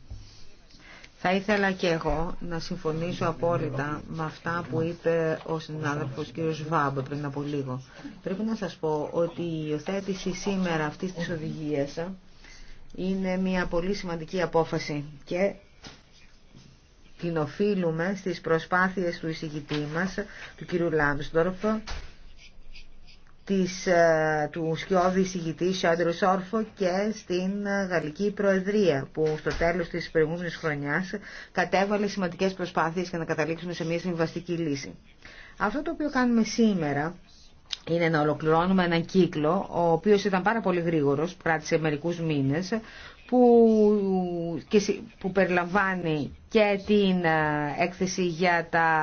θα ήθελα και εγώ να συμφωνήσω απόλυτα με αυτά που είπε ο συνάδελφος κ. Βάμπ πριν από λίγο. Πρέπει να σας πω ότι η υιοθέτηση σήμερα αυτής της οδηγία είναι μια πολύ σημαντική απόφαση και την οφείλουμε στις προσπάθειες του εισηγητή μας, του κ. Λάμπστορφ, της, ε, του σκιώδη εισηγητή Σιόντρου Σόρφο και στην ε, Γαλλική Προεδρία που στο τέλος της προηγούμενης χρονιάς κατέβαλε σημαντικές προσπάθειες για να καταλήξουμε σε μια συμβαστική λύση. Αυτό το οποίο κάνουμε σήμερα είναι να ολοκληρώνουμε έναν κύκλο ο οποίος ήταν πάρα πολύ γρήγορος, κράτησε μερικούς μήνες που, που περιλαμβάνει και την ε, έκθεση για τα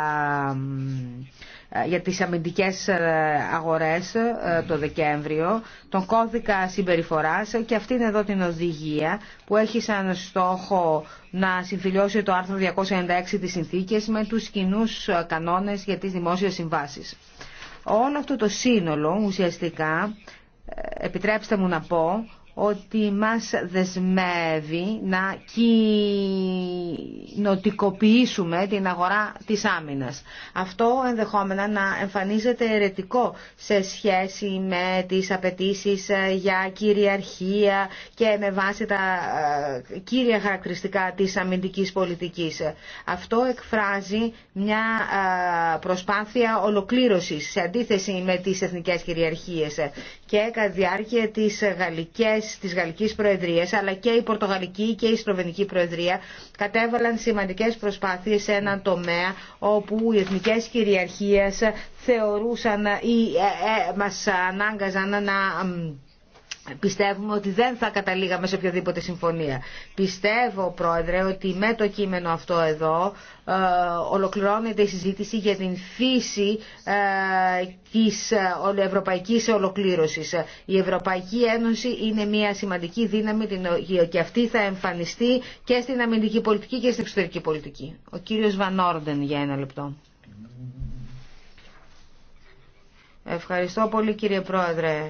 ε, για τις αμυντικές ε, αγορές ε, το Δεκέμβριο, τον κώδικα συμπεριφοράς και αυτήν εδώ την οδηγία που έχει σαν στόχο να συμφιλιώσει το άρθρο 296 της συνθήκης με τους κοινού κανόνες για τις δημόσιες συμβάσεις. Όλο αυτό το σύνολο ουσιαστικά, επιτρέψτε μου να πω, ότι μας δεσμεύει να κοινοτικοποιήσουμε την αγορά της άμυνας. Αυτό ενδεχόμενα να εμφανίζεται ερετικό σε σχέση με τις απαιτήσεις ε, για κυριαρχία και με βάση τα ε, κύρια χαρακτηριστικά της αμυντικής πολιτικής. Αυτό εκφράζει μια ε, προσπάθεια ολοκλήρωσης σε αντίθεση με τις εθνικές κυριαρχίες και κατά διάρκεια της γαλλικές της Γαλλικής Προεδρίας αλλά και η Πορτογαλική και η Σλοβενική Προεδρία κατέβαλαν σημαντικές προσπάθειες σε έναν τομέα όπου οι εθνικές κυριαρχίες θεωρούσαν ή ε, ε, μας ανάγκαζαν να Πιστεύουμε ότι δεν θα καταλήγαμε σε οποιαδήποτε συμφωνία. Πιστεύω, Πρόεδρε, ότι με το κείμενο αυτό εδώ ε, ολοκληρώνεται η συζήτηση για την φύση ε, της ε, ευρωπαϊκής ολοκλήρωσης. Η Ευρωπαϊκή Ένωση είναι μια σημαντική δύναμη ε, και αυτή θα εμφανιστεί και στην αμυντική πολιτική και στην εξωτερική πολιτική. Ο κύριος Βανόρντεν για ένα λεπτό. Ευχαριστώ πολύ κύριε Πρόεδρε.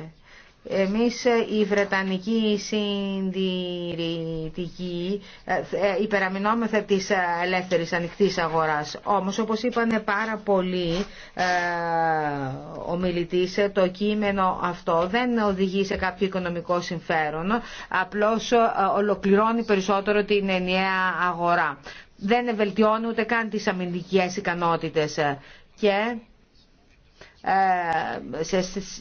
Εμείς ε, οι Βρετανικοί συντηρητικοί ε, ε, υπεραμεινόμεθα της ελεύθερης ανοιχτής αγοράς. Όμως όπως είπαν πάρα πολλοί ομιλητής το κείμενο αυτό δεν οδηγεί σε κάποιο οικονομικό συμφέρον απλώς ολοκληρώνει περισσότερο την ενιαία αγορά. Δεν βελτιώνει ούτε καν τις αμυντικές ικανότητες και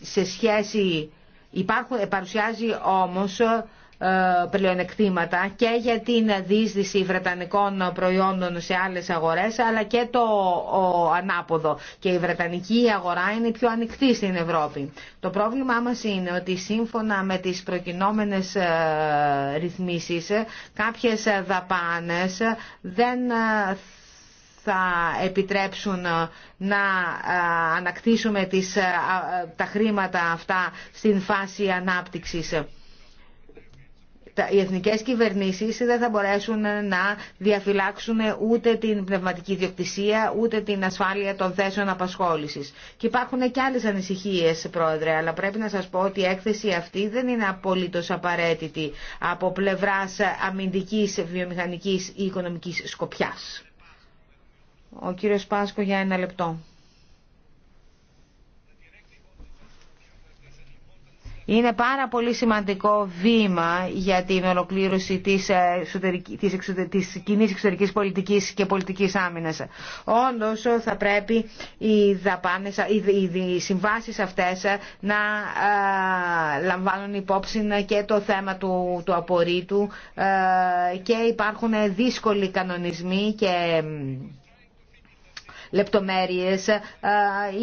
σε σχέση Υπάρχουν, ε, παρουσιάζει όμως ε, πλεονεκτήματα και για την δίσδυση βρετανικών προϊόντων σε άλλες αγορές αλλά και το ανάποδο και η βρετανική αγορά είναι πιο ανοιχτή στην Ευρώπη. Το πρόβλημά μας είναι ότι σύμφωνα με τις προκινόμενες ε, ρυθμίσεις κάποιες δαπάνες δεν θα επιτρέψουν ε, να ε, ανακτήσουμε τις, ε, τα χρήματα αυτά στην φάση ανάπτυξης οι εθνικές κυβερνήσεις δεν θα μπορέσουν να διαφυλάξουν ούτε την πνευματική ιδιοκτησία, ούτε την ασφάλεια των θέσεων απασχόλησης. Και υπάρχουν και άλλες ανησυχίες, Πρόεδρε, αλλά πρέπει να σας πω ότι η έκθεση αυτή δεν είναι απολύτως απαραίτητη από πλευράς αμυντικής, βιομηχανικής ή οικονομικής σκοπιάς. Ο κύριος Πάσκο για ένα λεπτό. Είναι πάρα πολύ σημαντικό βήμα για την ολοκλήρωση της, ε, της, της κοινής εξωτερικής πολιτικής και πολιτικής άμυνας. Όντως θα πρέπει οι, δαπάνες, οι, οι συμβάσεις αυτές να ε, λαμβάνουν υπόψη και το θέμα του, του απορρίτου ε, και υπάρχουν δύσκολοι κανονισμοί και λεπτομέρειες ε,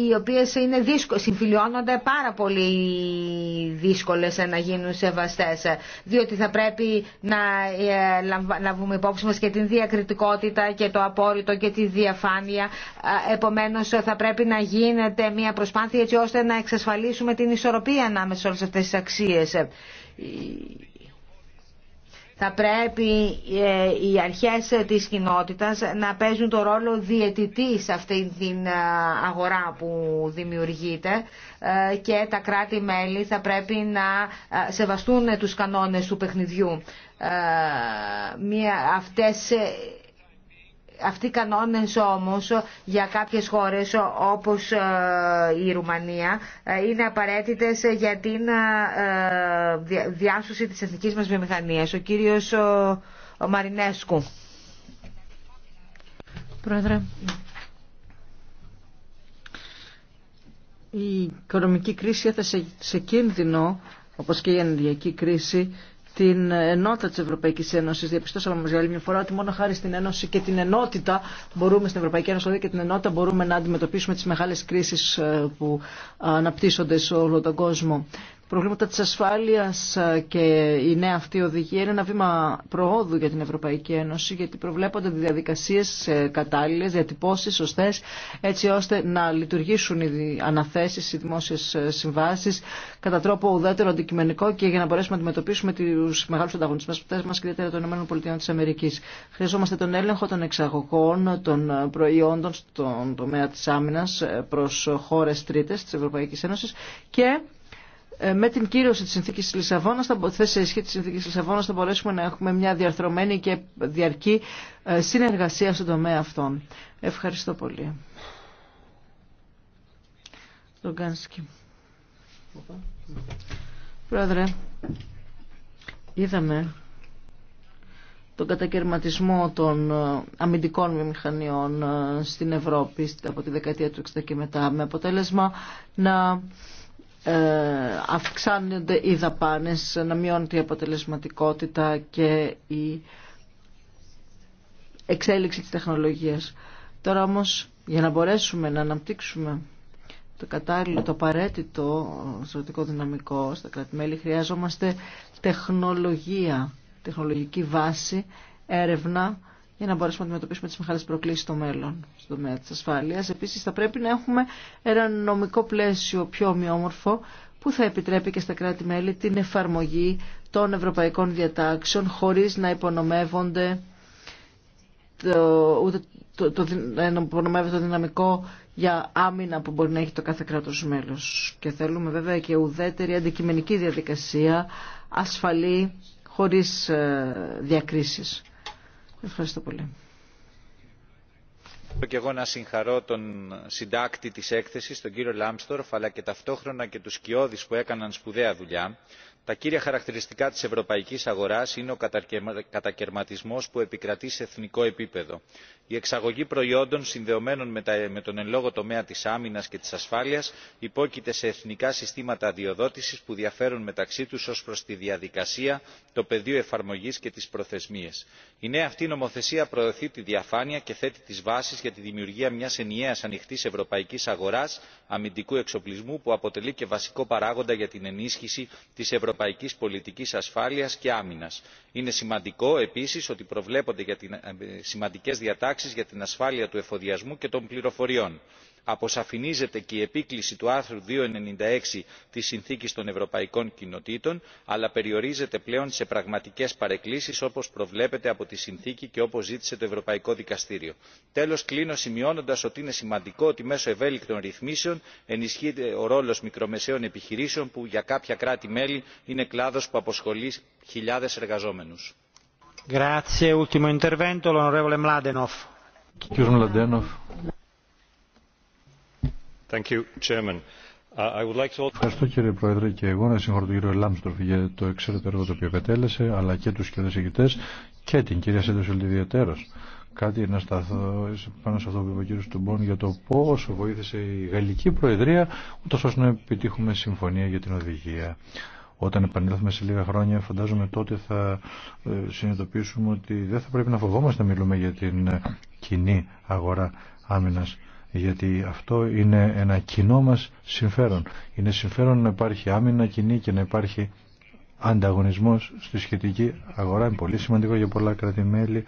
οι οποίες είναι δύσκολες, συμφιλιώνονται πάρα πολύ δύσκολες ε, να γίνουν σεβαστές διότι θα πρέπει να ε, λάβουμε υπόψη μας και την διακριτικότητα και το απόρριτο και τη διαφάνεια επομένως θα πρέπει να γίνεται μια προσπάθεια έτσι ώστε να εξασφαλίσουμε την ισορροπία ανάμεσα σε όλες αυτές τις αξίες. Θα πρέπει ε, οι αρχές της κοινότητας να παίζουν το ρόλο διαιτητή σε αυτή την ε, αγορά που δημιουργείται ε, και τα κράτη-μέλη θα πρέπει να σεβαστούν τους κανόνες του παιχνιδιού. Μια, αυτές αυτοί οι κανόνες όμως για κάποιες χώρες όπως ε, η Ρουμανία ε, είναι απαραίτητες για την ε, διάσωση της εθνικής μας βιομηχανίας. Ο κύριος Μαρινέσκου. Πρόεδρε, η οικονομική κρίση έθεσε σε κίνδυνο, όπως και η ενεργειακή κρίση, την ενότητα της Ευρωπαϊκής Ένωσης. Διαπιστώσαμε όμως για άλλη μια φορά ότι μόνο χάρη στην Ένωση και την ενότητα μπορούμε στην Ευρωπαϊκή Ένωση δηλαδή και την ενότητα μπορούμε να αντιμετωπίσουμε τις μεγάλες κρίσεις ε, που αναπτύσσονται σε όλο τον κόσμο προβλήματα της ασφάλειας ε, και η νέα αυτή οδηγία είναι ένα βήμα προόδου για την Ευρωπαϊκή Ένωση γιατί προβλέπονται διαδικασίες ε, κατάλληλες, διατυπώσεις σωστές έτσι ώστε να λειτουργήσουν οι αναθέσεις, οι δημόσιες ε, συμβάσεις κατά τρόπο ουδέτερο αντικειμενικό και για να μπορέσουμε να αντιμετωπίσουμε τους μεγάλους ανταγωνισμούς μας και ιδιαίτερα των ΗΠΑ. Χρειαζόμαστε τον έλεγχο των εξαγωγών των προϊόντων στον τομέα της άμυνας προς χώρες τρίτες της Ευρωπαϊκής Ένωσης και ε, με την κύρωση της συνθήκης της Λισαβόνας, θα, σε ισχύ της συνθήκης της Λισαβόνας, θα μπορέσουμε να έχουμε μια διαρθρωμένη και διαρκή ε, συνεργασία στον τομέα αυτών. Ευχαριστώ πολύ. Λογκάνσκι. Πρόεδρε, είδαμε τον κατακαιρματισμό των ε, αμυντικών μηχανιών στην Ευρώπη από τη δεκαετία του 60 και μετά με αποτέλεσμα να ε, αυξάνονται οι δαπάνες, να μειώνεται η αποτελεσματικότητα και η εξέλιξη της τεχνολογίας. Τώρα όμως για να μπορέσουμε να αναπτύξουμε το κατάλληλο, το απαραίτητο στρατικό δυναμικό στα κρατημέλη χρειάζομαστε τεχνολογία, τεχνολογική βάση, έρευνα για να μπορέσουμε να αντιμετωπίσουμε τι μεγάλε προκλήσει στο μέλλον, στον τομέα τη ασφάλεια. Επίση, θα πρέπει να έχουμε ένα νομικό πλαίσιο πιο ομοιόμορφο που θα επιτρέπει και στα κράτη-μέλη την εφαρμογή των ευρωπαϊκών διατάξεων χωρίς να υπονομεύονται το, το, το, το, δυναμικό για άμυνα που μπορεί να έχει το κάθε κράτος μέλος. Και θέλουμε βέβαια και ουδέτερη αντικειμενική διαδικασία, ασφαλή, χωρίς ε, διακρίσεις. Ευχαριστώ πολύ. Θέλω και εγώ να συγχαρώ τον συντάκτη της έκθεσης, τον κύριο Λάμπστορφ, αλλά και ταυτόχρονα και τους σκιώδεις που έκαναν σπουδαία δουλειά. Τα κύρια χαρακτηριστικά της ευρωπαϊκής αγοράς είναι ο κατακαιρματισμός που επικρατεί σε εθνικό επίπεδο η εξαγωγή προϊόντων συνδεωμένων με τον εν λόγω τομέα της άμυνας και της ασφάλειας υπόκειται σε εθνικά συστήματα αδειοδότησης που διαφέρουν μεταξύ τους ως προς τη διαδικασία το πεδίο εφαρμογής και τις προθεσμίες. η νέα αυτή νομοθεσία προωθεί τη διαφάνεια και θέτει τις βάσεις για τη δημιουργία μιας ενιαίας ανοιχτής ευρωπαϊκής αγοράς αμυντικού εξοπλισμού που αποτελεί και βασικό παράγοντα για την ενίσχυση της ευρωπαϊκής πολιτικής ασφάλειας και άμυνας. είναι σημαντικό επίσης ότι προβλέπονται ε, σημαντικές διατάξεις διατάξεις για την ασφάλεια του εφοδιασμού και των πληροφοριών. αποσαφηνίζεται και η επίκληση του άρθρου δύο hundred and ninety των ευρωπαϊκών κοινοτήτων αλλά περιορίζεται πλέον σε πραγματικέ παρεκκλήσει όπω προβλέπεται από τη συνθήκη και όπω ζήτησε το ευρωπαϊκό δικαστήριο. Τέλο κλείνω σημειώνοντα ότι είναι σημαντικό ότι μέσω ευέλικτων ρυθμίσεων ενισχύεται ο ρόλο μικρομεσαίων επιχειρήσεων που για κάποια κράτη μέλη είναι κλάδο που απασχολεί χιλιάδε εργαζόμενου. Uh, Ευχαριστώ κύριε Πρόεδρε και εγώ να συγχωρώ τον κύριο Λάμστροφ για το εξαιρετικό έργο το οποίο επέτέλεσε αλλά και τους κύριου και την κυρία Σέντοσελ ιδιαίτερος. Κάτι να σταθώ πάνω σε αυτό που είπε ο κύριο Τουμπών για το πόσο βοήθησε η Γαλλική Προεδρία ούτως ώστε να επιτύχουμε συμφωνία για την οδηγία. Όταν επανέλθουμε σε λίγα χρόνια φαντάζομαι τότε θα ε, συνειδητοποιήσουμε ότι δεν θα πρέπει να φοβόμαστε να μιλούμε για την ε, κοινή αγορά άμυνας γιατί αυτό είναι ένα κοινό μας συμφέρον. Είναι συμφέρον να υπάρχει άμυνα κοινή και να υπάρχει ανταγωνισμός στη σχετική αγορά. Είναι πολύ σημαντικό για πολλά κρατημέλη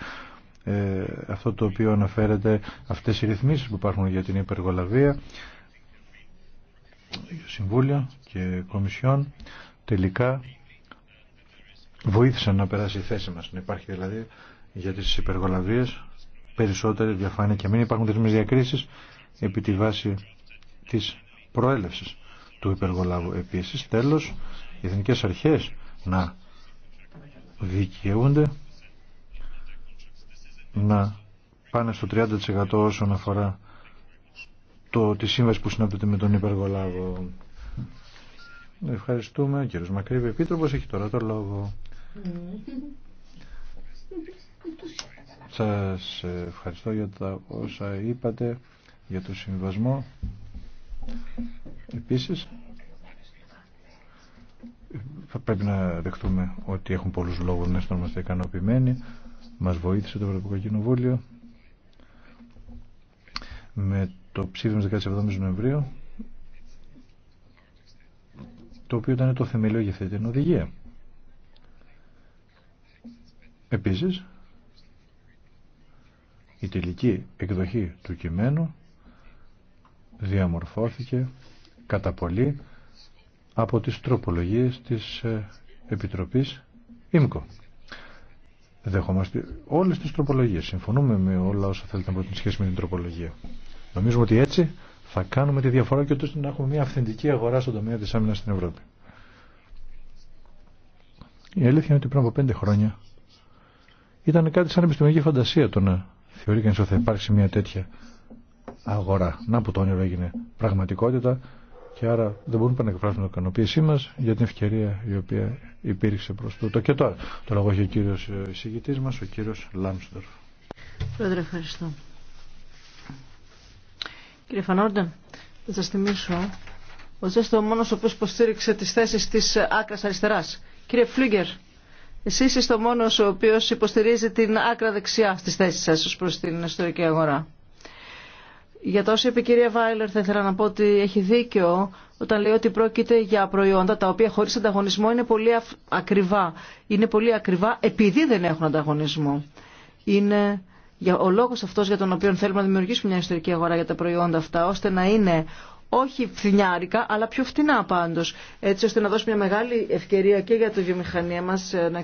ε, αυτό το οποίο αναφέρεται αυτές οι ρυθμίσεις που υπάρχουν για την υπεργολαβία, συμβούλια και κομισιόν τελικά βοήθησαν να περάσει η θέση μας. Να υπάρχει δηλαδή για τις υπεργολαβίες περισσότερη διαφάνεια και μην υπάρχουν τέτοιες διακρίσεις επί τη βάση της προέλευσης του υπεργολάβου. Επίσης, τέλος, οι εθνικές αρχές να δικαιούνται να πάνε στο 30% όσον αφορά το, τη σύμβαση που συνάπτεται με τον υπεργολάβο. Ευχαριστούμε. Ο κύριος Μακρύβη Επίτροπος έχει τώρα το λόγο. Σας ευχαριστώ για τα όσα είπατε, για το συμβασμό. Επίσης, θα πρέπει να δεχτούμε ότι έχουν πολλούς λόγους να είμαστε ικανοποιημένοι. Μας βοήθησε το Ευρωπαϊκό Κοινοβούλιο με το ψήφισμα 17 Νοεμβρίου το οποίο ήταν το θεμελιό για αυτή την οδηγία. Επίσης, η τελική εκδοχή του κειμένου διαμορφώθηκε κατά πολύ από τις τροπολογίες της ε, Επιτροπής ΙΜΚΟ. Δεχόμαστε όλες τις τροπολογίες. Συμφωνούμε με όλα όσα θέλετε να πω σχέση με την τροπολογία. Νομίζουμε ότι έτσι θα κάνουμε τη διαφορά και ούτως να έχουμε μια αυθεντική αγορά στον τομέα της άμυνας στην Ευρώπη. Η αλήθεια είναι ότι πριν από πέντε χρόνια ήταν κάτι σαν επιστημονική φαντασία το να θεωρεί κανείς ότι θα υπάρξει μια τέτοια αγορά. Να που το όνειρο έγινε πραγματικότητα και άρα δεν μπορούμε να εκφράσουμε την ικανοποίησή μα για την ευκαιρία η οποία υπήρξε προ τούτο. Και τώρα, το λόγο έχει ο κύριο εισηγητή μα, ο κύριο Λάμστορφ. Πρόεδρε, ευχαριστώ. Κύριε Φανόρντε, θα σα θυμίσω ότι είστε ο μόνο ο οποίος υποστήριξε τι θέσεις τη άκρα αριστερά. Κύριε Φλίγκερ, εσεί είστε ο μόνο ο οποίο υποστηρίζει την άκρα δεξιά στις θέσεις σα ω προς την ιστορική αγορά. Για τόσο είπε η κυρία Βάιλερ θα ήθελα να πω ότι έχει δίκιο όταν λέει ότι πρόκειται για προϊόντα τα οποία χωρί ανταγωνισμό είναι πολύ ακριβά. Είναι πολύ ακριβά επειδή δεν έχουν ανταγωνισμό. Είναι για, ο λόγος αυτός για τον οποίο θέλουμε να δημιουργήσουμε μια ιστορική αγορά για τα προϊόντα αυτά, ώστε να είναι όχι φθηνιάρικα, αλλά πιο φθηνά πάντως, έτσι ώστε να δώσουμε μια μεγάλη ευκαιρία και για τη βιομηχανία μας ε, να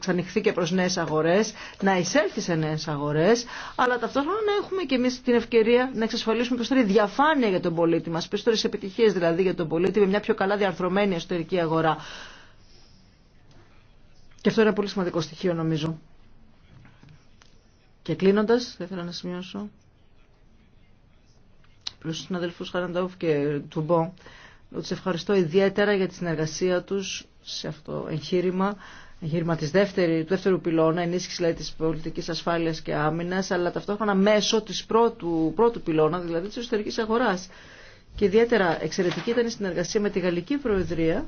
ξανοιχθεί και προς νέες αγορές, να εισέλθει σε νέες αγορές, αλλά ταυτόχρονα να έχουμε και εμείς την ευκαιρία να εξασφαλίσουμε περισσότερη διαφάνεια για τον πολίτη μας, περισσότερες επιτυχίες δηλαδή για τον πολίτη, με μια πιο καλά διαρθρωμένη εσωτερική αγορά. Και αυτό είναι ένα πολύ σημαντικό στοιχείο νομίζω. Και κλείνοντα, θα ήθελα να σημειώσω προ του συναδελφού Χαραντόφ και Τουμπό ότι του ευχαριστώ ιδιαίτερα για τη συνεργασία του σε αυτό το εγχείρημα εγχείρημα της δεύτερη, του δεύτερου πυλώνα, ενίσχυση δηλαδή, της πολιτικής ασφάλειας και άμυνα, αλλά ταυτόχρονα μέσω τη πρώτου, πρώτου πυλώνα, δηλαδή τη εσωτερική αγορά. Και ιδιαίτερα εξαιρετική ήταν η συνεργασία με τη Γαλλική Προεδρία,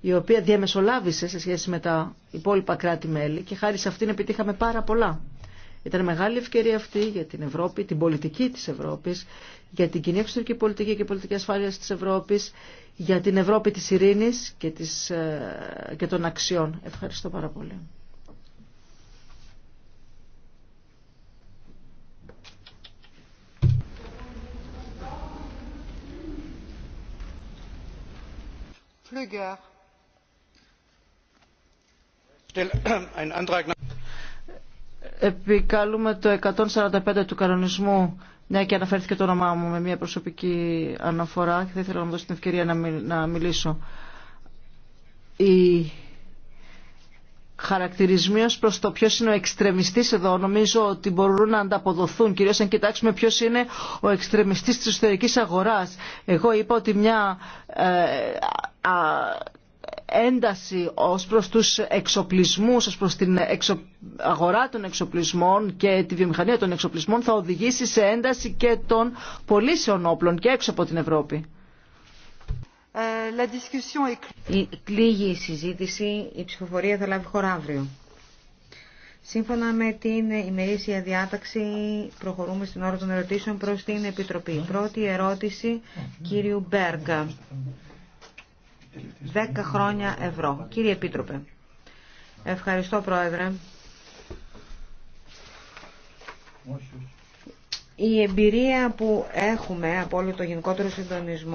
η οποία διαμεσολάβησε σε σχέση με τα υπόλοιπα κράτη-μέλη και χάρη σε αυτήν επιτύχαμε πάρα πολλά. Ήταν μεγάλη ευκαιρία αυτή για την Ευρώπη, την πολιτική της Ευρώπης, για την κοινή εξωτερική πολιτική και πολιτική ασφάλεια της Ευρώπης, για την Ευρώπη της ειρήνης και, της, ε, και των αξιών. Ευχαριστώ πάρα πολύ. *clears throat* επικαλούμε το 145 του κανονισμού, μια και αναφέρθηκε το όνομά μου με μια προσωπική αναφορά και θα ήθελα να μου δώσω την ευκαιρία να, μιλήσω. Οι χαρακτηρισμοί ως προς το ποιος είναι ο εξτρεμιστής εδώ νομίζω ότι μπορούν να ανταποδοθούν κυρίως αν κοιτάξουμε ποιος είναι ο εξτρεμιστής της εσωτερικής αγοράς. Εγώ είπα ότι μια ε, α, ένταση ως προς τους εξοπλισμούς, ως προς την εξο... αγορά των εξοπλισμών και τη βιομηχανία των εξοπλισμών θα οδηγήσει σε ένταση και των πωλήσεων όπλων και έξω από την Ευρώπη. Ε, η κλήγη η συζήτηση, η ψηφοφορία θα λάβει χώρα αύριο. Σύμφωνα με την ημερήσια διάταξη προχωρούμε στην ώρα των ερωτήσεων προς την Επιτροπή. Πρώτη ερώτηση κύριου Μπέργκα. 10 χρόνια ευρώ. Κύριε Επίτροπε, ευχαριστώ Πρόεδρε. Η εμπειρία που έχουμε από όλο το γενικότερο συντονισμό